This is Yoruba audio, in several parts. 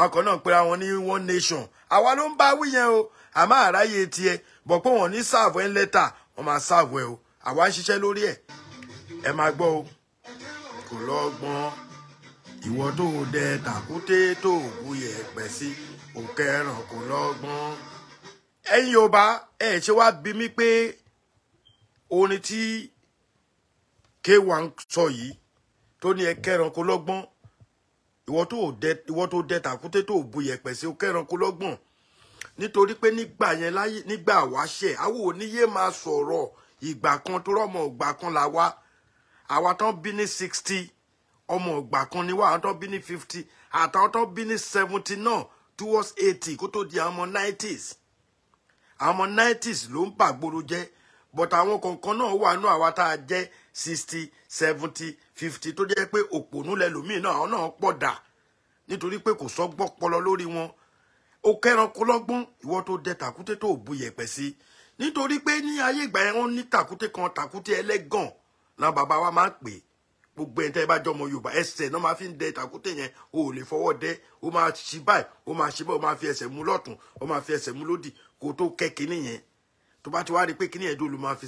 àwọn kan náà pera wọn ní one nation àwa ló ń bá wí yẹn o àmọ́ àráyé tiẹ̀ bọ̀ pé wọ́n ní sáàbù ẹ̀ ń lẹ́tà wọ́n máa sáàbù ẹ̀ o àwa ń ṣiṣẹ́ lórí ẹ̀ ẹ máa gbọ́ o kò lọ́gbọ́n ìwọ tó dẹ tàkúté tó òkú yẹ pẹ̀ sí òkè ẹ̀ràn kò lọ́gbọ́n. ẹ̀yin yorùbá ẹ̀ ṣe wá bí mi pé orin tí k1 sọ yìí tó ní ẹ kẹrànkó lọ́gbọ́n ìwọ tó dẹ ìwọ tó dẹ tàkúté tó bu yẹ̀pẹ̀ sí kẹranko lọ́gbọ̀n nítorí pé nígbà yẹn láyé nígbà wáṣẹ̀ àwọ oníyé máa sọ̀rọ̀ ìgbà kan tó rọmọ ìgbà kan là wá àwa tán bí ní sixty ọmọ ìgbà kan ni wá àwọn tán bí ní fifty àtàwọn tán bí ní seventy náà towards eighty kó tó di àwọn ọmọ nineties àwọn ọmọ nineties ló ń pàgbóró jẹ́ but àwọn kọ̀ọ̀kan náà wà nú àwa tá a jẹ́ sixty seventy fifty tó jẹ́ pé òpònú lẹ́lòmíì náà àwọn náà pọ̀ dà nítorí pé kò sọ́gbọ́ pọlọ lórí wọn ó kẹ́ranko lọ́gbọ́n ìwọ tó dẹ tàkúté tó bu yẹ̀pẹ̀ sí nítorí pé ní ayé ìgbà yẹn wọ́n ní tàkúté kan tàkúté ẹlẹ́gàn náà bàbá wa máa ń pè é gbogbo ẹni tẹ́ bá jọmọ yorùbá ẹsẹ̀ náà máa fi ń dẹ ìtàkùtẹ̀ yẹn o ò lè fọwọ́ dẹ o máa ṣí báyìí o máa ṣí báyìí o máa fi ẹsẹ̀ mú lọ́tún o máa fi ẹsẹ̀ mú lódì kó tó kẹ́kẹ́ nìyẹn tó bá ti wá rí pé kíní ẹ̀dùn ló máa fi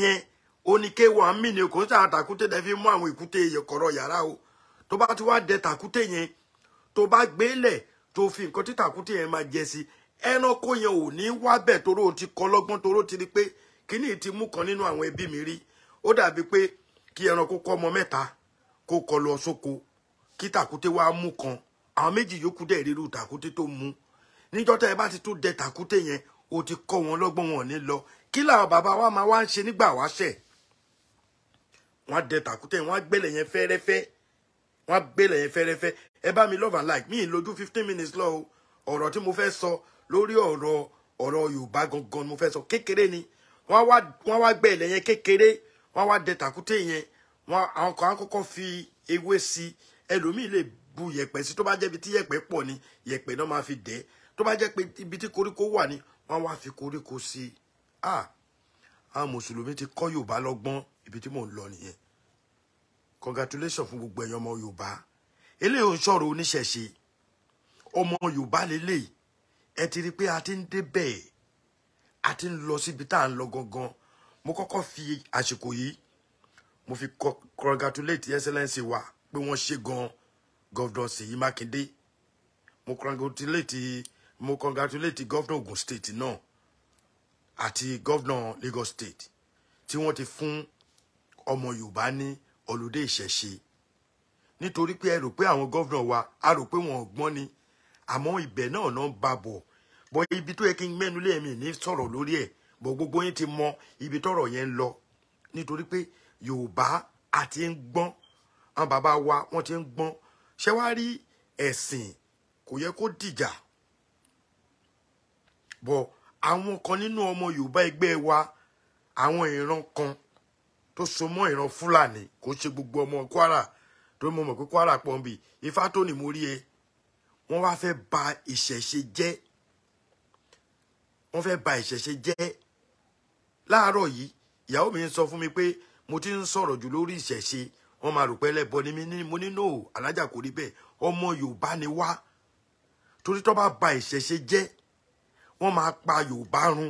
yẹn ó ní ké wà mí ni kò ń sàn àtàkùté dẹ fi mú àwọn ìkúté kọ̀rọ̀ yàrá o tó bá ti wá dẹ tàkùté yẹn tó bá gbélẹ̀ tó fi nǹkan tí tàkùté yẹn máa jẹ sí ẹranko yẹn ò ní wábẹ̀ toró ti kọ́ lọ́gbọ́n toró ti rí pé kíní ti mú kan nínú àwọn ẹbí mi rí ó dàbí pé kí ẹranko kọ́ ọmọ mẹ́ta kó kọ lọ sóko kí tàkùté wá mú kan àwọn méjì yòókù dẹ̀ rírú tàkùté tó mú níjọ́ tẹ́ ẹ bá ti tún dẹ tàkùté yẹn o ti kọ́ wọn lọ́gbọ́n wọn ní lọ kí làwọn bàbá wa máa wá ń ṣe nígbà wáṣẹ̀ wọ́n á dẹ tàkútẹ̀ wọ́n á gbélé yẹn fẹ́rẹ́fẹ́ wọ́n á gbélé yẹn fẹ́rẹ́fẹ́ ẹ bá mi love and like mi ì lójú fifteen minutes lọ o ọ̀rọ̀ tí mo fẹ́ sọ lórí ọ̀rọ̀ ọ̀rọ̀ Yorùbá gangan mo fẹ́ sọ kékeré ni wọ́n wá gbélé yẹn kékeré wọ́n wá dẹ tàkútẹ̀ yẹn wọ́n àwọn kan á kọ́kọ́ fi ewé sí ẹlòmíì lè bu yẹ̀pẹ̀ sí tó bá jẹ́ ibi tí yẹ̀pẹ̀ pọ̀ ni yẹ̀pẹ̀ náà máa fi dẹ̀ tó bá jẹ́ pé ibi tí koríko wà ni wọ́n wá fi koríko sí i ah àwọn mùsùlùmí ti kọ́ yorùbá lọ́gbọ́n ibi tí mò ń lọ nìyẹn congratulation fún gbogbo ẹ̀yàn ọmọ yorùbá eléyìí ń sọ̀rọ̀ oníṣẹ̀ṣe ọmọ yorùbá lélẹ́yìí ẹ ti rí i pé a ti ń dé bẹ́ẹ̀ a ti ń lọ síbi tá à ń lọ gangan mo kọ́kọ́ fi àsìkò yìí mo fi congratulate excellence wa pé wọ́n ṣe gan-an governor Mákindé mo congratulate mo congratulate gọ́vnà Ogun state náà àti gọ́vnà Lagos state tí wọ́n ti fún ọmọ Yorùbá ní ọlùdé ìṣẹ̀ṣe nítorí pé ẹ rò pé àwọn gọ́vnà wa a rò pé wọn ò gbọ́n ni àmọ́ ibẹ̀ náà náà ń ba bọ̀ bọ́ ibi tó yẹ kí n mẹ́nu lé ẹ̀mí ní sọ̀rọ̀ lórí ẹ̀ bọ́ gbogbo yín ti mọ ibi tọ́rọ̀ yẹn ń lọ nítorí pé Yorùbá àti ń gbọ́n àwọn bàbá wa wọ́n ti ń gbọ́n ṣé wàá rí ẹ̀sìn kò yẹ kó dìjà bọ̀ àwọn kan nínú ọmọ Yorùbá ẹgbẹ́ wa àwọn ìran kan tó so mọ́ ìran Fúlàní kò ṣe gbogbo ọmọ Kwara tó mọ̀ mọ̀ pé Kwara pọ̀nbì ifá tó ní mo rí ẹ e, wọ́n wá fẹ́ ba ìṣẹ̀ṣe jẹ́ wọ́n fẹ́ ba ìṣẹ̀ṣe jẹ́ láàárọ̀ yìí ìyàwó mi ń sọ fún mi pé mo ti ń sọ̀rọ̀ jù lórí ìṣẹ̀ṣe wọ́n máa rò pé ẹlẹ́bọ ni mí mo ní no alájà kò rí bẹ́ẹ̀ ọmọ Yorùbá ni wá torí tó bá ba ìṣẹ̀ṣe jẹ́ wọ́n máa pa Yorùbá run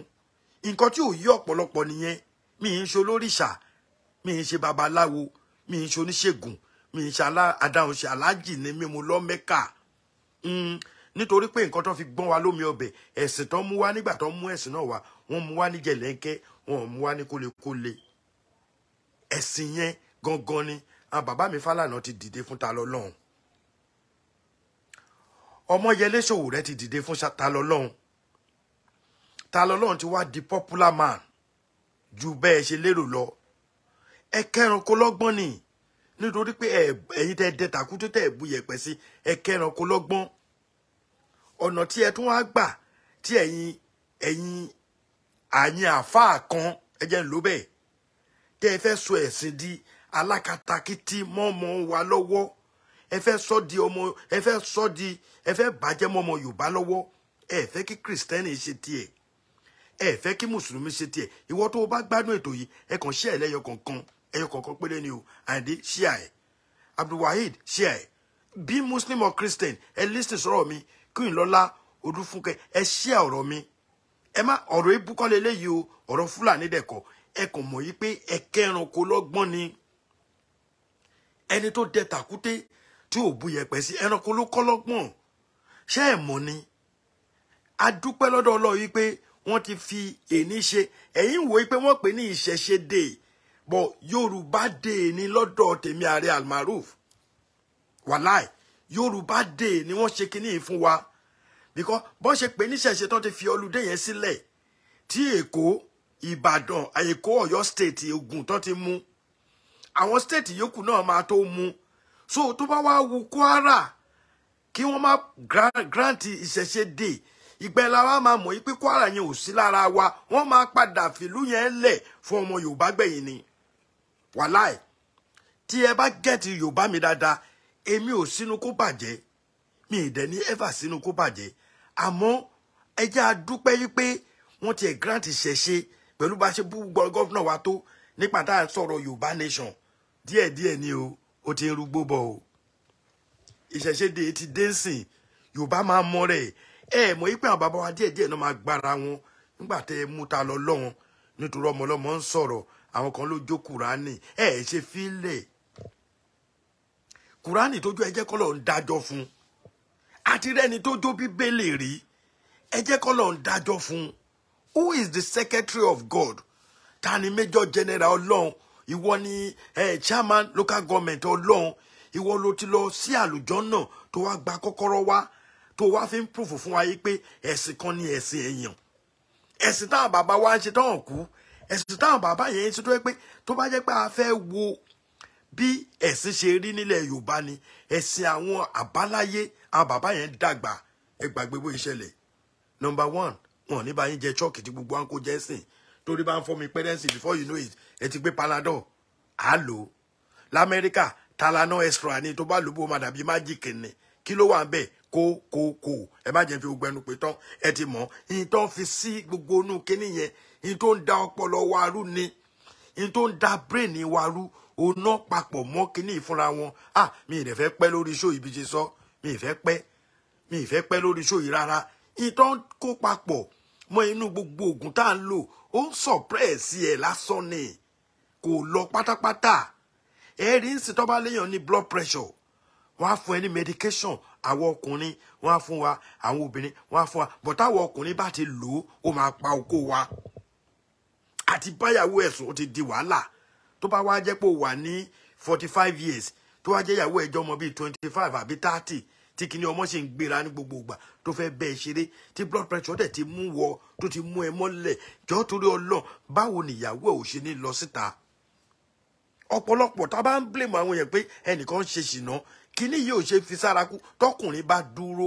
nǹkan tí ò yí ọ̀pọ̀lọpọ̀ nìyẹn mi ń ṣe olóríṣà mi ń ṣe babaláwo mi ń ṣe oníṣègùn mi ń ṣe adáhùn ṣe aláàjì ní mímu lọ́mẹ́kà hmm, nítorí pé nǹkan tó fi gbọ́n wa lómi ọbẹ̀ ẹ̀sìn tó mú wá nígbà tó mú ẹ̀sìn náà wá wọ́n mú wá ní jẹ̀lẹ́ńkẹ́ wọ́n mú wá ní kólekóle ẹ̀sìn yẹn gangan ni àwọn bàbá mi Fálànà ti dìde fún ta lọ́lọ́run ọmọ yẹlé Sowore ti dìde fún ta lọ́lọ́run ta lọ́lọ́run ti wá di popular man ju bẹ́ẹ̀ ṣe lérò lọ ẹ kẹ́ranko lọ́gbọ́n ni nítorí pé ẹ̀yin tẹ́ dẹ tàkútú tẹ́ bu yẹ̀pẹ̀ sí ẹ kẹ́ranko lọ́gbọ́n ọ̀nà tí ẹ tún wá gbà tí ẹ̀yin ẹ̀yin àyìn àfáà kan ẹ jẹ́ ń lò bẹ́ẹ̀ tẹ́ ẹ fẹ́ sọ ẹ̀sìn di alákatakítí mọ́mọ́ wa lọ́wọ́ ẹ fẹ́ sọ di ọmọ ẹ fẹ́ sọ di ẹ fẹ́ bàjẹ́ mọ́mọ́ Yorùbá lọ́wọ́ ẹ fẹ́ kí kristẹni ṣe tiẹ̀ ẹ fẹ́ kí mùsùlùmí ṣe tiẹ̀ ìwọ tó o bá gbádùn ètò yìí ẹ kàn ṣí ẹ lẹ́yọ kọ̀ọ̀kan ẹyọ kọ̀ọ̀kan péré ni o àǹdí ṣí ẹ abdulwaheed ṣí ẹ bí muslim or christian ẹ lísìn sọ̀rọ̀ mi kí n lọ́lá odúfúnkẹ́ ẹ ṣí ẹ ọ̀rọ̀ mi ẹ má ọ̀rọ̀ ibùkọ́ lélẹ́yìí o ọ̀rọ̀ fúlàní dẹ̀kọ̀ ẹ kàn mọ̀ yí pé ẹ kẹ́ranko lọ́gbọ́n ni ẹni tó dẹ tàkúté tí ò bu yẹ̀pẹ̀ sí ẹranko ló kọ́ lọ́gbọ́n ṣé ẹ mọ̀ ni adúpẹ́ lọ́dọ̀ ọlọ́ọ̀ yí pé wọ́n ti fi èní ṣe ẹ̀yin wòye pé wọ́n pè ní ìṣẹ̀ṣe day bọ̀ Yoruba day ni lọ́dọ̀ tèmi ààrẹ almaroof wàláì Yoruba day ni wọ́n ṣe kíní yìí fún wa because bọ́n ṣe pè ní ìṣẹ̀ṣe tán ti fi ọlùdé yẹn sílẹ̀ tí èkó Ibadan. èkó ọ̀yọ́ state ogun tán ti mú àwọn state yòókù náà máa tó mú so to bá wá wu kwara kí wọ́n má grant ìṣẹ̀ṣe day ìgbẹ́ la wá máa mọ̀ pé Kwara yẹn ò sí lára wa wọ́n máa padà fìlú yẹn lẹ̀ fún ọmọ Yorùbá gbẹ̀yìn ni wàláì tí ẹ bá gẹ̀ẹ́tì Yorùbá mi dáadáa èmi ò sínú kó bàjẹ́ mi ì dẹ̀ ní ever sínú kó bàjẹ́ àmọ́ ẹ jẹ́ a dúpẹ́ yí pé wọ́n ti ẹ̀ grant ṣẹ̀ṣe pẹ̀lú bá ṣe bú gọ́vnà wa tó nípa tá à ń sọ̀rọ̀ Yorùbá nation díẹ̀díẹ̀ ni o ó ti ń rúgbó bọ̀ o ìṣẹ̀ṣe dè ti dé sìn Yorùbá máa mọ rẹ̀ ẹ mọ̀ yìí pé àwọn bàbá wa díẹ̀ díẹ̀ náà máa gbára wọn nígbà tẹ mú ta lọ lọ́wọ́n nítorí ọmọ ọlọ́mọ ń sọ̀rọ̀ àwọn kan ló jó kùránì ẹ ẹ ṣe fílẹ̀ kùránì tójú ẹ jẹ́ ń dájọ́ fún àti rẹ́ni tójú bíbélì rí ẹ jẹ́ ń dájọ́ fún who is the secretary of God ta ni major general ọlọ́run ìwọ ni chairman local government ọlọ́run ìwọ ló ti lọ sí àlùjọ náà tó wá gba kọ́kọ́rọ́ wá tó wá fi ń proof fún wa yìí pé ẹ̀sìn kan ní ẹ̀sìn èèyàn ẹ̀sìn táwọn bàbá wa ń ṣe tán kú ẹ̀sìn táwọn bàbá yẹn ń ṣe tó yẹ pé tó bá jẹ́ pé a fẹ́ wo bí ẹ̀sìn ṣe rí nílẹ̀ Yorùbá ni ẹ̀sìn àwọn àbáláyé àwọn bàbá yẹn dàgbà ẹ gbàgbé bó ìṣẹ̀lẹ̀ number one wọn ní bá yín jẹ chọ́ọ̀kì tí gbogbo àǹkó jẹ́ sìn torí bá ń fọ́ mi pẹ́rẹ́ǹsì before you know it ẹ ti gbé panadol á lò ó lamẹ́ríkà talana extra ni tó bá lò bó ma dàbí májìkì ni kí ló wà bẹ́ẹ̀ Ko ẹ má jẹ́ fi gbogbo ẹnu pé tán ẹ ti mọ̀ ìyìn tó ń fi sí gbogbo inú kínní yẹn ìyìn tó da ọpọlọ wa rú ni ìyìn tó da bírèèni wa rú oná papọ̀ mọ́ kínní ìfúnra wọn à mi ì fẹ́ pẹ́ lórí iṣó ibi ṣe sọ mi ì pe. mi ì fẹ́ pẹ́ show iṣó yìí rárá ìyìn tó ń kó papọ̀ mọ́ inú gbogbo oògùn tá à ń lò ó ń sọ̀pẹ́ẹ̀sì ni kò lọ pátápátá ẹ̀rí ń sì tọ́ bá léèyàn ní blood pressure wọ́n á fún ẹ ní medication àwọn ọkùnrin wọ́n á fún wa àwọn obìnrin wọ́n á fún wa bọ̀tá àwọn ọkùnrin bá ti lò ó ó máa pa okó wa àti báyàwó ẹ̀sùn ó ti di wàhálà tó bá wá jẹ́ pé ó wà ní forty five years tó wá jẹ́ ìyàwó ẹ̀jọ́ ọmọ bíi twenty five àbí thirty tí kìíní ọmọ ṣe ń gbéra ní gbogbo ìgbà tó fẹ́ bẹ́ẹ̀ ṣeré tí blood pressure dẹ̀ ti mú wọ tó ti mú ẹ mọ́lẹ̀ jọ́ torí ọlọ́ọ̀ báwo nìyàwó ẹ̀ ò ṣe ní lọ síta ọ̀pọ̀lọpọ̀ tá a bá ń blame àwọn èèyàn pé ẹnìkan ṣe ṣìnà Kini yìí ò ṣe fi sára kú tọkùnrin duro dúró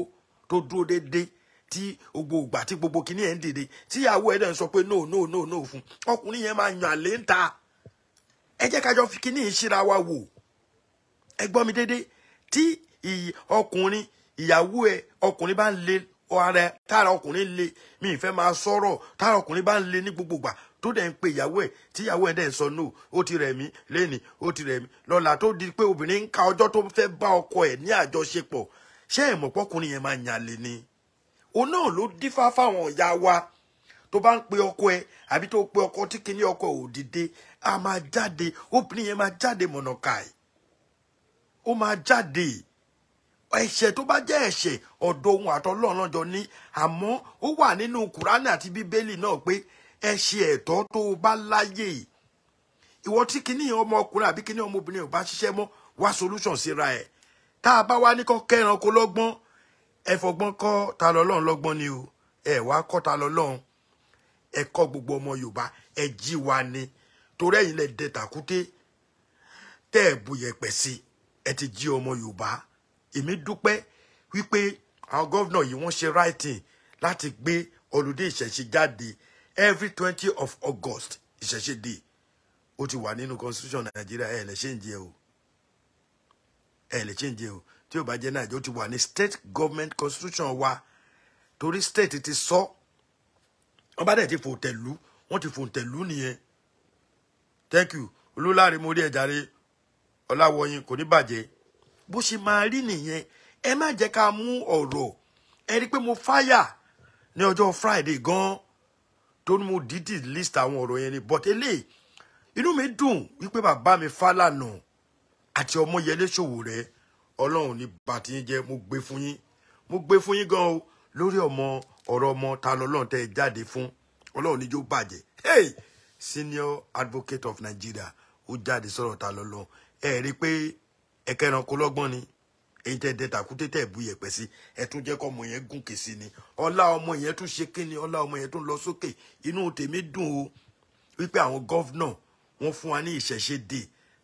tó dúró déédéé tí gbogbo ìgbà tí gbogbo kíní yẹn ń dìde tíyàwó ẹ̀ dẹ̀ ń sọ no no no no fún ọkùnrin yẹn máa yan àlè ń ta ẹ jẹ́ kájọ fi kíní yìí síra wa wò ẹ gbọ́ mi déédéé tí ọkùnrin ìyàwó ẹ ọkùnrin bá ń le ara tára ọkùnrin le mi ì fẹ́ máa sọ̀rọ̀ tára ọkùnrin bá le ní gbogbo ìgbà tó dẹ̀ ń pe ìyàwó ẹ̀ tí ìyàwó ẹ̀ dẹ̀ ń sọ no ó ti rẹ̀ mí lẹ́ni ó ti rẹ̀ mí lọ́la tó di pé obìnrin ń ka ọjọ́ tó fẹ́ bá ọkọ ẹ̀ ní àjọṣepọ̀ ṣé ẹ̀mọ̀ pọ́kùnrin yẹn máa yàn lè ni òun náà ló dífá fáwọn ìyá wa tó bá ń pe ọkọ ẹ àbí tó pe ọkọ tí kinní ọkọ ò a máa jáde obìnrin yẹn máa jáde mọ̀nàkàì ó máa jáde ẹ̀ṣẹ̀ tó bá jẹ́ ẹ̀ṣẹ̀ ọ̀dọ̀ ohun àtọlọ́run lọ́jọ́ ní àmọ́ ó wà nínú kùránì àti bíbélì náà pé ẹ ṣe ẹ̀tọ́ tó o bá láyè ìwọ tí kinní ọmọ ọkùnrin àbí kinní ọmọ ò bá ṣiṣẹ́ mọ́ wá solution síra ẹ̀ tá a bá wá ní kọ́ kẹ́ranko lọ́gbọ́n ẹ fọgbọ́n ta lọ́lọ́run lọ́gbọ́n ni o ẹ wá kọ́ ta lọ́lọ́run ẹ kọ́ gbogbo ọmọ Yorùbá ẹ jí wa ni torí ẹ̀yin lẹ dẹ tàkúté tẹ́ ẹ̀ bu yẹ̀pẹ̀ sí ẹ ti jí ọmọ Yorùbá èmi dúpẹ́ wípé àwọn gọ́vnà yìí wọ́n ṣe right thing láti gbé olùdé ìṣẹ̀ṣe jáde every twenty of August ìṣẹ̀ṣe day ó ti wà nínú constitution Nàìjíríà ẹ̀ lè change ẹ̀ o ẹ̀ lè change ẹ̀ o tí ò bá jẹ́ Nàìjíríà ó ti wà ní state government constitution wa torí state ti sọ wọ́n bá dẹ̀ ti fòǹtẹ̀lù wọ́n ti fòǹtẹ̀lù nìyẹn thank you olúláre mo rí ẹ̀járe ọ̀làwọ̀yìn kò ní bàjẹ́ bó ṣe máa rí nìyẹn ẹ má jẹ́ ká mú ọ̀rọ̀ ẹ rí i pé mo fáyà ní ọjọ́ Friday gan-an tó ní mo dídì list àwọn ọ̀rọ̀ yẹn ni but eléyìí inú mi dùn wípé bàbá mi Fálànà àti Ọmọyẹlé Ṣòwòrẹ Ọlọ́run ní bàtí jẹ mo gbé fún yín mo gbé fún yín gan o lórí ọmọ ọ̀rọ̀ ọmọ ta lọ́lọ́run tẹ́ ẹ jáde fún Ọlọ́run níjó bàjẹ́ hey senior advocate of Nigeria ó jáde sọ̀rọ̀ ta lọ́lọ́run ẹ rí i pé ẹ̀kẹ́ ẹranko lọ́gbọ́n ni èyí tẹ́ dẹ́ta kúté tẹ́ bú yẹ̀pẹ̀ sí ẹ tún jẹ́ kọ́ ọmọ yẹn gùnkè sí ni ọlá ọmọ yẹn tún ṣe kí ni ọlá ọmọ yẹn tún lọ sókè inú tèmi dùn o wípé àwọn gọ́vnà wọ́n fún wa ní ìṣẹ̀ṣe dé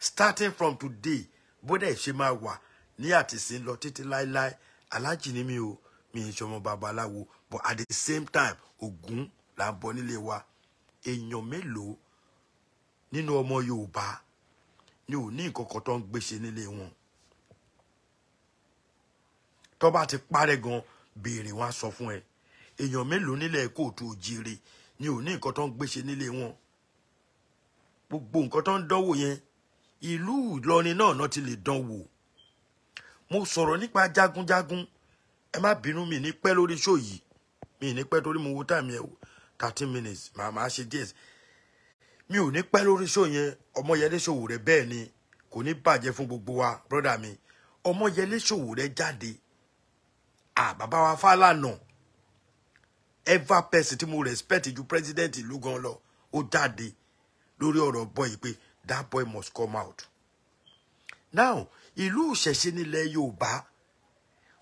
starting from today bódà ìṣe máa wà ní àtìsín lọ títí láéláé alájì ni mi o mi ń ṣọmọ babaláwo but at the same time Ògún là ń bọ nílé wa èèyàn mélòó nínú ọmọ Yorùbá ni ò ní nǹkan kan tó ń gbéṣe nílé wọn tó bá ti parẹ́ gan béèrè wọn á sọ fún ẹ èèyàn mélòó nílẹ̀ kóòtù òjìire ni ò ní nǹkan tó ń gbéṣe nílé wọn gbogbo nǹkan tó ń dánwò yẹn ìlú Ìlọrin náà náà ti lè dán wò mo sọ̀rọ̀ nípa jagunjagun ẹ má bínú mi ní pẹ́ lórí ṣó yìí mi ní pẹ́ torí mo wo táìmì ẹ̀ wò minutes màá máa ṣe díẹ̀ mi ò ní pẹ́ lórí ṣó yẹn Ọmọyẹlé Sowore bẹ́ẹ̀ ni kò ní bàjẹ́ fún gbogbo wa brọ́dà mi Ọmọyẹlé Sowore jáde ah bàbá wa Fálànà ever person tí mo respect ju president ìlú gan lọ ó jáde lórí ọ̀rọ̀ boy pé that boy must come out now ìlú ìṣẹ̀ṣe nílẹ̀ Yorùbá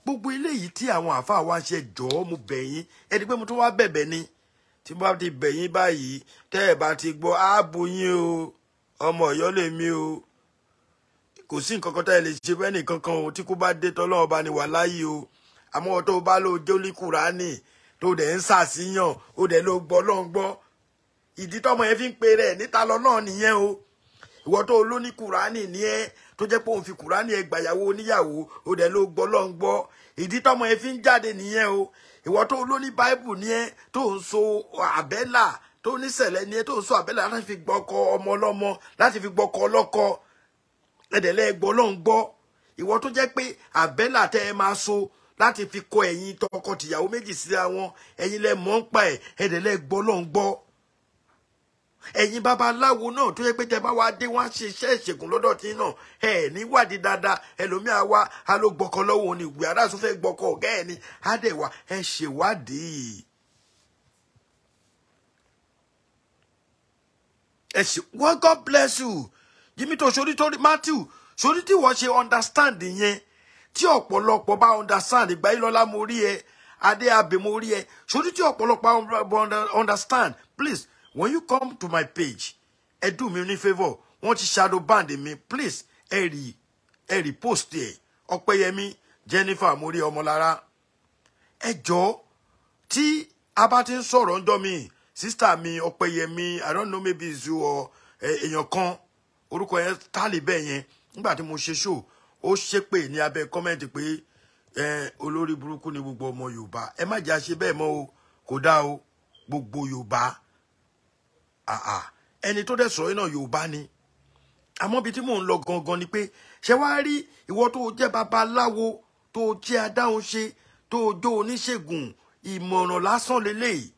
gbogbo eléyìí tí àwọn àáfàá wa ṣe jọ̀ọ́ mo bẹ̀ yín ẹni pé mo tún wá bẹ̀bẹ̀ ni tí mo bá ti bẹ̀ yín báyìí tẹ́ ẹ̀ bá ti gbọ́ ààbò yín o ọmọ ọ̀yọ́ lè mí o kò sí nǹkan kan tá ẹ lè ṣe fẹ́ nìkankan o tí kò bá dé tọ́lọ́ọ̀ba ni wà láyé o àmọ́ tó bá ló jólí kúránì tó dẹ̀ ń ṣàṣìyàn ó dẹ̀ ló gbọ́ lọ́n gbọ́ ìdí tọ́mọ yẹn fi ń pe rẹ̀ níta lọ náà nìyẹn o ìwọ tó ló ní kúránì ní ẹ tó jẹ́ pé òun fi kúránì ẹ gbàyàwó oníyàwó ó dẹ̀ ló gbọ́ lọ́n gbọ́ ìdí tọ́mọ yẹn fi ń jáde nìyẹn o ìwọ tó ló ní báíbù ní ẹ tó ń so àbẹ́là tó ní sẹ̀lẹ̀ ní ẹ tó ń so àbẹ́là láti fi gbọ́kọ ọmọ ọlọ́mọ láti fi gbọ́kọ ọlọ́kọ ẹ̀dẹ̀lẹ́ gbọ́ lọ́n gbọ́ ìwọ tó jẹ́ pé àbẹ́là tẹ́ ẹ máa so láti fi kọ ẹ̀yin tọkọtìyàwó méjì síra wọn ẹ̀yin lẹ mọ̀ ń pa ẹ̀ ẹ̀dẹ̀ lẹ gbọ́ lọ́n gbọ́ ẹ̀yin babaláwo náà tó yẹ pé tẹ bá wá dé wọ́n á ṣe iṣẹ́ ìṣègùn lọ́dọ̀ tí náà ẹ̀ níwádìí dáadáa ẹlòmíà wa á lọ́wọ́ ni ìwé aráàsó fẹ́ gbọ́kọ ọ̀gá ẹ̀ ni á ẹ̀ ṣèwádìí. ẹ ṣe wọ́n God bless you Jimmy tó sori tó Matthew sori tí wọ́n ṣe understand yẹn tí ọ̀pọ̀lọpọ̀ bá understand ìgbà yìí lọ́la mo rí ẹ adé abẹ mo rí ẹ ṣojú tí ọ̀pọ̀lọpọ̀ understand please when you come to my page ẹ do mi ní favour wọ́n ti shadow band me, please ẹ rí ẹ rí post ẹ ọpẹ́yẹmí jennifer mo omolara. ọmọlára ẹ ti abatin sọ̀rọ̀ ńjọ́ mi sísítà mi ọpẹ́yẹmí i don't know maybe it's you or eh, èèyàn kan orúkọ yẹn tálẹ̀ bẹ́ẹ̀ yẹn nígbà tí mo ṣe show ó ṣépè ní abẹ́ kọ́mẹ́ǹtì pé olórí burúkú ni gbogbo ọmọ yorùbá ẹ má jà ṣe bẹ́ẹ̀ mọ́ o kò dá o gbogbo yorùbá àà ẹni tó dẹ̀ sọ̀rọ̀ náà yorùbá ni àmọ́ ibi tí mò ń gangan ni pé ṣé wàá rí ìwọ tó jẹ́ babaláwo tó jẹ́ adáhunṣe tó jó oníṣègùn ìmọ̀ràn lásán lélẹ́yìí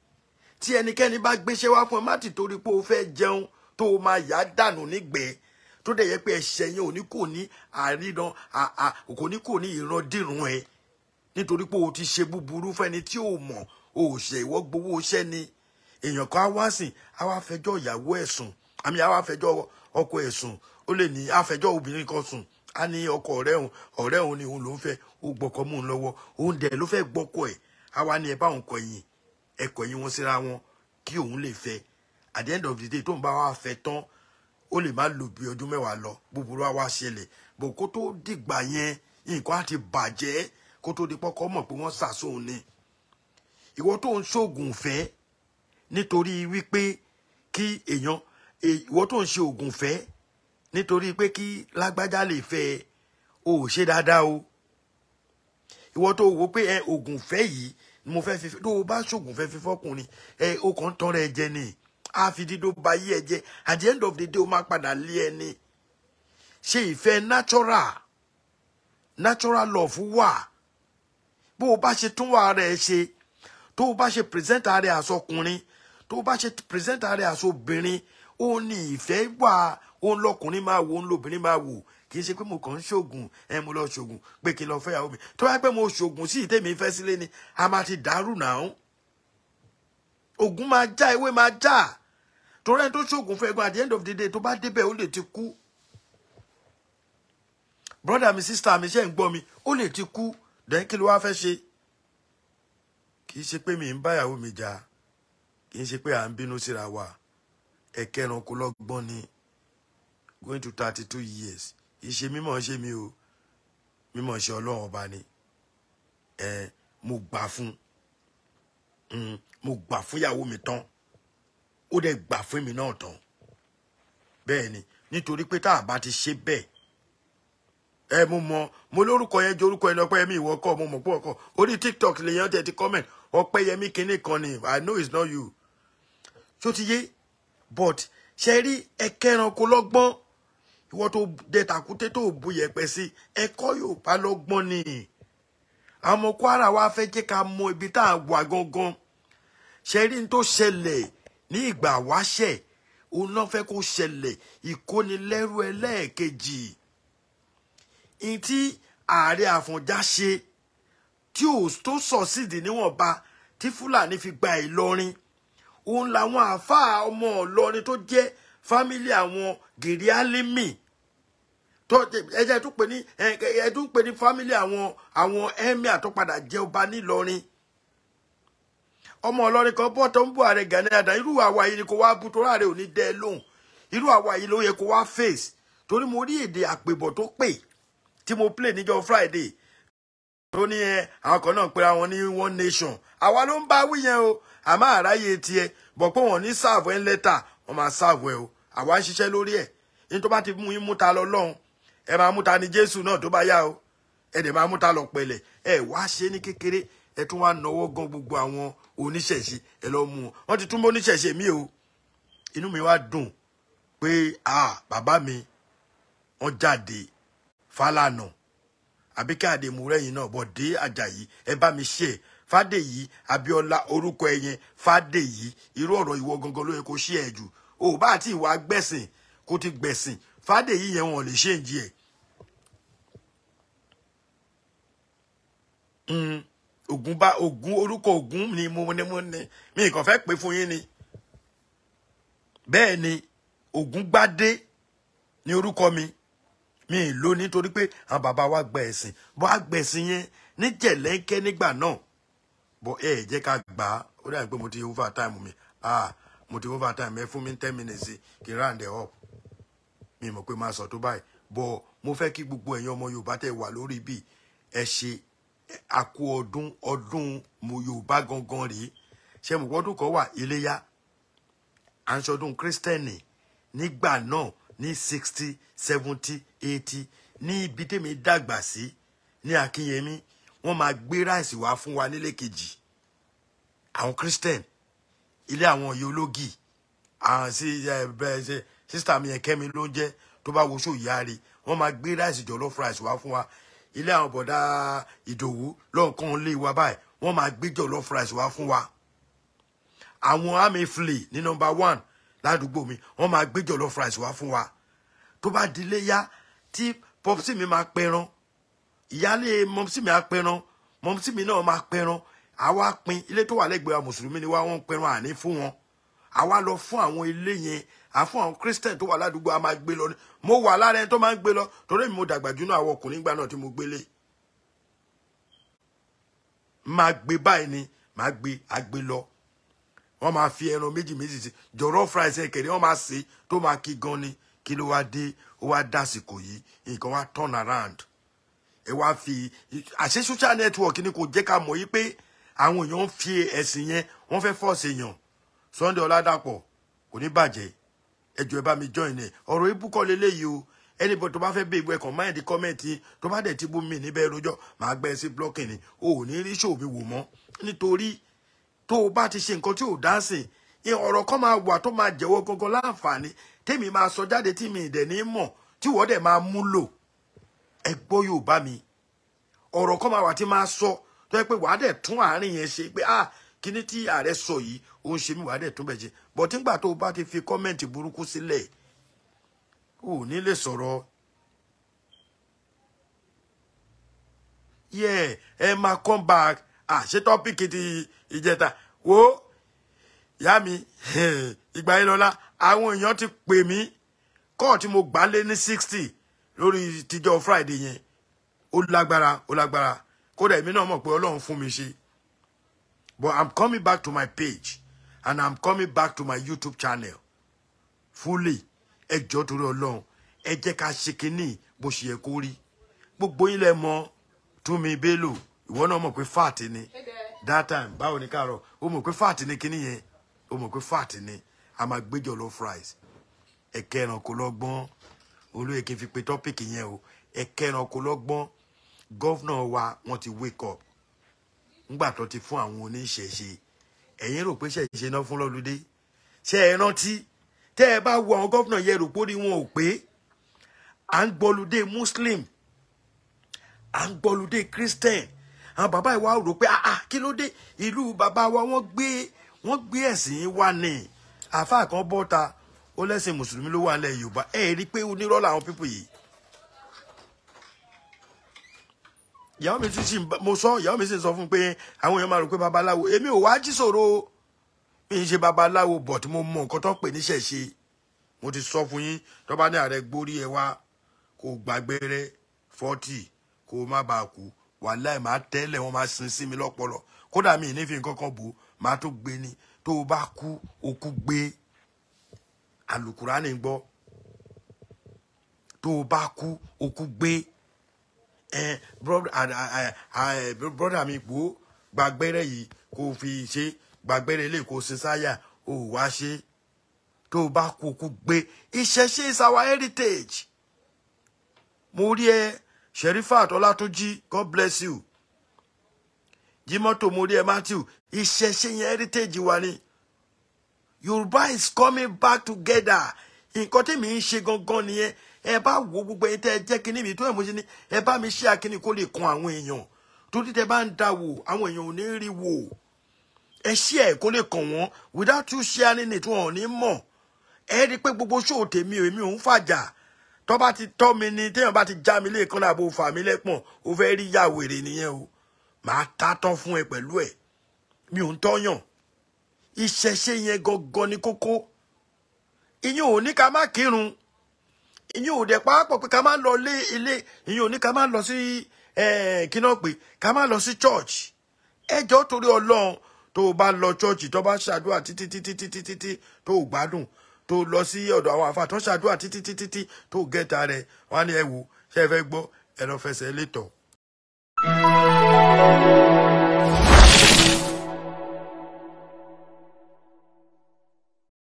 tí ẹnikẹ́ni bá gbéṣẹ́ wá fún ẹ má ti torí pé o fẹ́ jẹun tó o máa yá dànù nígbẹ̀ẹ́ tó dẹ̀ yẹ pé ẹ̀ṣẹ̀ yẹn ò ní kò ní àríran kò ní kò ní ìrandírun ẹ nítorí pé o ti ṣe búburú fẹ́ni tí o mọ̀ o ò ṣe ìwọ gbowó iṣẹ́ ni èèyàn kan á wá sìn á wá fẹjọ́ ìyàwó ẹ̀ sùn àmì á wá fẹjọ́ ọkọ ẹ̀ sùn ó lè ní á fẹjọ́ obìnrin kan sùn á ní ọkọ ọ̀rẹ́ òun ọ̀rẹ́ òun ni òun ló ń fẹ́ ó gbọ́kọ mú un lọ́wọ́ òun dẹ̀ ló fẹ́ gbọ́kọ ẹ̀ á wá ní ẹ bá òun kọ̀yìn ẹ kọ̀yìn wọn síra wọn kí òun lè fẹ́ at the end of the day tóun bá wá fẹ́ tán ó lè má lò bí ọdún mẹ́wàá lọ búburú àwa ṣẹlẹ̀ bò kó tó dìgbà yẹn nǹkan á ti bàjẹ́ kó tó di pọ́kọ́ mọ̀ pé wọ́n sàsóhun ni ìwọ tó ń ṣoògùn fẹ́ nítorí wípé kí èèyàn e, ìwọ tó ń ṣe oògùn fẹ́ nítorí pé kí lágbájá lè fẹ́ o ò ṣe dáadáa o ìwọ tó wò pé ẹ oògùn fẹ́ yìí mo fẹ́ fi tó o bá ṣoògùn fẹ́ fi fọ́kùnrin ẹ o kàn ń jẹ nìyí àfìdídó ba yí at the end of the day ó máa padà lé ẹni ṣe ìfẹ́ natural natural love wà bó o bá ṣe tún wà rẹ ṣe tó o bá ṣe present ààrẹ àsọkùnrin tó o bá ṣe present ààrẹ àsọbìnrin ó ní ìfẹ́ wà òun lọkùnrin máa wò òun lóbìnrin máa wò kì í ṣe pé mo kàn ń ṣoògùn ẹ mo lọ ṣoògùn pé kí n lọ fẹ́yàwó mi tó bá pẹ́ mo ṣoògùn sí ìtẹ́mi fẹ́ sílé ni a máa ti dàrú náà ogun máa já ewé máa já tó rẹ́ni tó ṣoògùn fún ẹgbẹ́ at the end of the day tó bá débẹ̀ ó lè ti kú brother mi sister mi ṣe ń gbọ́ mi ó lè ti kú then kí ló wá fẹ́ ṣe kì í ṣe pé mi ń báyàwó mi jà kì í ṣe pé à ń bínú síra wa ẹ̀kẹ́ ẹranko lọ́gbọ́n ni going to thirty two years ìṣe mímọ̀ ṣe mi o mímọ̀ ṣe ọlọ́run ọba ni ẹ mo gbà fún hmm, mo gbà fún ìyàwó mi tán ó dẹ̀ gbà fún mi náà tán bẹ́ẹ̀ ni nítorí pé tá a bá ti ṣe bẹ́ẹ̀ ẹ mo mọ mo lórúkọ yẹn ju orúkọ yẹn lọpẹ́yẹmí ìwọ kọ́ mo mọ̀ pọ̀ ọkọ̀ orí tiktok lèèyàn tẹ̀ ti comment ọpẹ́yẹmí kinní kan ni i know it's not you tó ti yé but ṣe rí ẹkẹranko lọ́gbọ́n ìwọ tó dẹ tàkúté tó bu yẹ̀pẹ̀ sí ẹ̀kọ́ Yorùbá lọ́gbọ́n ni àmọ́ Kwara wa fẹ́ jẹ́ ká mọ ibi tá a wà gangan ṣe rí n tó ṣẹlẹ̀ ní ìgbà wáṣẹ̀ òun náà fẹ́ kó ṣẹlẹ̀ ìkónilẹ́rú ẹlẹ́ẹ̀kejì ìyìn tí ààrẹ àfọ̀njá ṣe tí ò tó sọ sídìí níwọ̀nba tí fúlàní fi gba ìlọrin òun làwọn àáfàá ọmọ ìlọrin tó jẹ́ fámílì àwọn gìrìálímì tó ẹjẹ tó pè ní ẹjẹ tó fámílì àwọn àwọn tó padà jẹ ọba nílọrin ọmọ ọlọ́rin kan bọ́ tó ń bú ààrẹ Gani Adams irú àwa yìí ni kò wá bu torí ààrẹ ò ní dẹ́ lóhùn irú àwa yìí ló yẹ kó wá face torí mo rí èdè àpèbọ̀ tó pè tí mo play níjọ́ Friday tó ní ẹ eh, àwọn kan náà pera wọn ní one nation àwa ló ń bá wí yẹn o àmọ́ àráyé tiẹ̀ bọ̀ pé wọ́n ní sáàbù ẹ̀ ń lẹ́tà wọ́n máa sáàbù ẹ̀ o àwa ń ṣiṣẹ́ lórí ẹ̀ ní tó bá ti mú yín lọ lọ́hùn ẹ máa mú ní Jésù náà tó bá yá o ẹ dẹ̀ máa mú ta lọ pẹ̀lẹ̀ ẹ wá ṣe ní kékeré ẹ tún wá nọwọ́ gan gbogbo àwọn oníṣẹ̀ṣe ẹ lọ mú wọn wọ́n ti tún bọ́ oníṣẹ̀ṣe mi o inú mi wá dùn pé ah bàbá mi wọ́n jáde Fálànà Àbíkẹ́ Àdèmúrẹ́yìn náà Bọ̀dé Àjàyí ẹ bá mi ṣe ẹ̀ Fádèyí Abíọ́lá orúkọ ẹ̀yẹn Fádèyí irú ọ̀rọ̀ ìwọ gangan ló yẹ kó ṣe ẹ̀ jù o bá àti ìwà gbẹ̀sìn kó ti gbẹ̀sìn Fádèyí yẹn wọn lè ṣe ń jí Ògún bá Ògún orúkọ Ògún ni mo ní mo ní mi kàn fẹ́ pè fún yín ni bẹ́ẹ̀ ni Ògúngbádé ni orúkọ mi mi ló nítorí pé àwọn bàbá wa gba ẹ̀sìn bó a gba ẹ̀sìn yẹn ní jẹ̀lẹ́ńkẹ́ nígbà náà bọ́ ẹ jẹ́ ká gbà á ó dàbí mo ti over time mi ah mo ti over time ẹ fún mi ten minutes kí round ẹ up mi mọ̀ pé máa sọ tó báyìí bọ́ mo fẹ́ kí gbogbo ẹ̀yin ọmọ Yorùbá tẹ̀ wà lórí bí ẹ ṣe àkú ọdún ọdún mo yorùbá gangan rèé ṣe mọ̀ pọ́dún kan wà iléyá à kírísítẹ́nì nígbà náà ní sixty seventy eighty ní ibi tèmi dàgbà sí ní akínyẹmí wọ́n máa gbé ráìsì wá fún wa nílé kejì àwọn christian ilé àwọn yológi àwọn sí bẹ́ẹ̀ ṣe sísítà mi yẹn kẹ́mi ló ń jẹ́ tó bá wo ṣòyáre wọ́n máa gbé ráìsì jọlọ́fù ráìsì wá fún wa ilé àwọn bọ̀dá ìdòwú lọ́ọ̀kan lé wa báyìí wọ́n máa gbé jọ̀lọ́fù ráìsì wá fún wa àwọn amefile ní nọ́mbà one ládùúgbò mi wọ́n máa gbé jọ̀lọ́fù ráìsì wá fún wa tó bá di iléyá tí pọ́psì mi máa pẹran ìyáálé mọ́psì mi á pẹran mọ́mísí mi náà máa pẹran àwa pin ilé tó wà lẹ́gbẹ̀ẹ́ wa mùsùlùmí ni wa wọ́n pẹran àní fún wọn àwa lọ fún àwọn ilé yẹn àfún àwọn christian tó wà ládùúgbò a máa gbé lọ mo wà lára ẹni tó máa ń gbé lọ torí mi mo dàgbà jù náà àwọn ọkùnrin gbà náà tí mo gbélé máa gbé báyìí ni máa gbé agbé lọ wọn máa fi ẹran méjì méjì sí jọrọ fries ẹkẹrẹ wọn máa ṣe tó máa kí gan ni kí ló wá dé ó wá dásìkò yìí nǹkan wá turn around ẹ wá fi àṣẹ social network ni kò jẹ́ ká mọ̀ yìí pé àwọn èèyàn ń fi ẹ̀sìn yẹn wọ́n fẹ́ fọ́ọ̀sì èèyàn Sunday Ọládàpọ̀ kò ní bàjẹ́ ẹjọ ẹ bá mi join ẹ ọ̀rọ̀ ibú kọ́ leléyìí o anybody tó bá fẹ́ bẹ ìwé ẹkàn máa di kọmẹǹtì tó bá dẹ ti bú mi níbẹ̀ rojọ́ màá gbẹ sí blọọkì ni o ò ní rí ṣòwò mi wò mọ́ nítorí tó o bá ti ṣe nǹkan tí ò dá sìn ní ọ̀rọ̀ kan máa wà tó máa jẹ́wọ́ gangan láǹfààní tèmi máa sọ jáde tí mi dẹ ní mọ̀ tí wọ́n dẹ máa mú lò ẹ gbọ́ yóò bá mi ọ̀rọ̀ kan máa wà tí máa sọ tó yẹ pé wàá dẹ tún àárín yẹn ṣe pé ah kíní tí ààrẹ sọ yìí ó ń ṣe mí wàá dẹ̀ tún bẹ̀ jẹ́ bọ̀tí ńgbà tó o bá ti fi kọ́mẹ̀ntì burúkú sílẹ̀ ò ní lè sọ̀rọ̀ yẹ ẹ máa come back àṣẹ tọ́pìkì ti ìjẹta wo ìyá mi ìgbà yìí lọ́la àwọn èèyàn ti pè mí kọ́ọ̀ mo gbà lé ní sixty lórí tíjọ́ Friday yẹn ó lágbára ó lágbára kódà èmi náà mọ̀ pé Ọlọ́run fún mi ṣe. But I'm coming back to my page and I'm coming back to my YouTube channel fully. Ẹ jọ̀ọ́ torí Ọlọ́run ẹ jẹ́ ká ṣe kinní bó ṣe yẹ kó rí. Gbogbo yín lẹ mọ̀ Túnmi Bello ìwọ ni. That time báwo ni káàárọ̀ o mọ̀ pé fat ni kinní yẹn o mọ̀ pé fat ni a máa gbé fries. Ẹ̀kẹ́ ẹranko lọ́gbọ́n olóyè kí n fi pe tọ́pìkì yẹn o ẹ̀kẹ́ ẹranko lọ́gbọ́n gọ́fúnà wa wanti wake up ńgbà tó ti fún àwọn oníṣẹ̀ṣe ẹ̀yin rò pé ṣẹ̀ṣe náà fún lọ́lùdé ṣe é rántí tẹ́ ẹ bá wo àwọn gómìnà yẹn rò pórí wọn ò pé à ń gbọ́lùdé muslim à ń gbọ́lùdé christian àwọn bàbá ìwà rò pé àà kí ló dé ìlú bàbá wa wọ́n gbé wọ́n gbé ẹ̀sìn wa ni àáfàá kan bọ́ta ó lẹ́sìn mùsùlùmí ló wà nílẹ̀ yorùbá ẹ̀ rí i pé onírọ́ làwọn pípò yìí ìyàwó mi tún sì mo sọ ìyàwó mi sì sọ fún pé àwọn èèyàn máa rò pé babaláwo èmi ò wá jí sòro mi ń ṣe babaláwo but mo mọ nǹkan tó ń pè níṣẹ́ ṣe mo ti sọ fún yín tó bá ní ààrẹ gbórí ẹ wá kó gbàgbére fọ́tì kó má bàa kú wàláì máa tẹ́lẹ̀ wọn máa sin sí mi lọ́pọlọ kódà mi ní fi nǹkan kan bò máa tó gbé ni tó o bá kú okú gbé alukurani gbọ́ tó o bá kú okú gbé ẹ brother, mi gbó gbàgbẹ́rẹ́ yìí kò fi ṣe gbàgbẹ́rẹ́ lè kó ṣe sáyà ò wá ṣe tó bá kúkú gbé ìṣẹ̀ṣe is our heritage mo rí ẹ Sherifat Ọlátúnjí God bless you Jimoto mo Matthew, ẹ Matthew ìṣẹ̀ṣe heritage Wani. ni Yorùbá is coming back together nǹkan tèmi ń ṣe gangan nìyẹn ẹ bá wo gbogbo ẹ̀yin tẹ́ ẹ jẹ́ mi tó ẹ̀ mo ṣe ni ẹ bá mi ṣe akínní kó lè kan àwọn èèyàn torí tẹ́ bá ń da wò àwọn èèyàn ò ní rí wò ẹ ṣí ẹ kó lè kàn wọ́n without you sharing it wọn ò mo mọ̀ ẹ rí i pé gbogbo ṣòwò tèmi ò èmi ò ń fàjà tó bá ti tọ́ mi ni téèyàn bá ti já mi lẹ́ẹ̀kan láàbò fà mí lẹ́pọ̀n ó fẹ́ rí ya wèrè nìyẹn o ma ta tán fún ẹ pẹ̀lú ẹ mi ò ń tọ́yàn ìṣẹ̀ṣe yẹn gangan ni kókó ìyẹn ò ní ká má kírun ìyẹn ò dẹ̀ pàápọ̀ pé ká má lọ lé ilé ìyẹn ò ní ká má lọ sí kíná pé ká má lọ sí church ẹjọ́ torí ọlọ́run tó o bá lọ church tó bá ṣàdúrà títí títí títí títí tó o gbádùn tó o lọ sí ọ̀dọ̀ àwọn àfa tó ṣàdúrà títí títí títí tó o gẹ́ta rẹ̀ wọ́n á ẹ wò ṣe é fẹ́ gbọ́ ẹ lọ fẹsẹ̀ létọ̀.